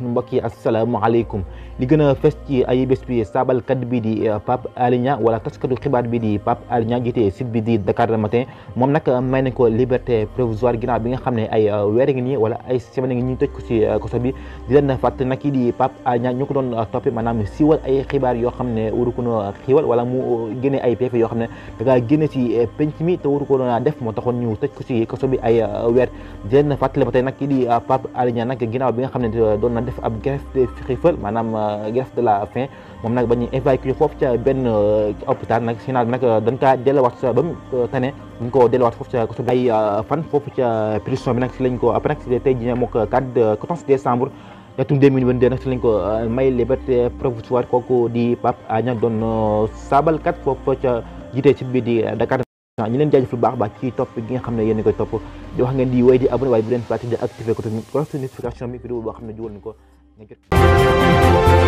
mbokk yi asalaamaaleykum li gën a fes ci ay bés bi saabalkat bi di eh, Pape Alé Niang wala taskatu xibaar bi di Pape jiite site bi Dakar Matin moom nag may ko liberté provisoire ginnaaw bi nga xam ne ay eh, weer nii wala ay semaine ngi tëj ko si eh, kaso bi di leen fàtt nag kii di Pape Alé Niang ñu yoo xam ne da ngaa génne si penc mi te waru ko ko bi ay weer di leen fàttali ba doon na def ab grève xiifal maanaam greffe de la faim moom nag ba ñu évacué foofu ca benn euh, hôpital nag Sinaal bi nag euh, dañ kaa delluwaat ba mu euh, tane ñu ko delluwaat foofu ca côté ca prison bi nag si lañ ko après nag si tey jii moom 4 14 décembre atum 2022 si lañ ko may liberté provisoire kooku di Pape Alé Niang doon saabalkat foofu ca jiite site bi Dakar. ñu leen jaajëfal baax baax ci topp gi wax ngeen di wéy di abonné waaye bu leen fàtte di activé côté notification bi vidéo boo xam ne jugal Thank you.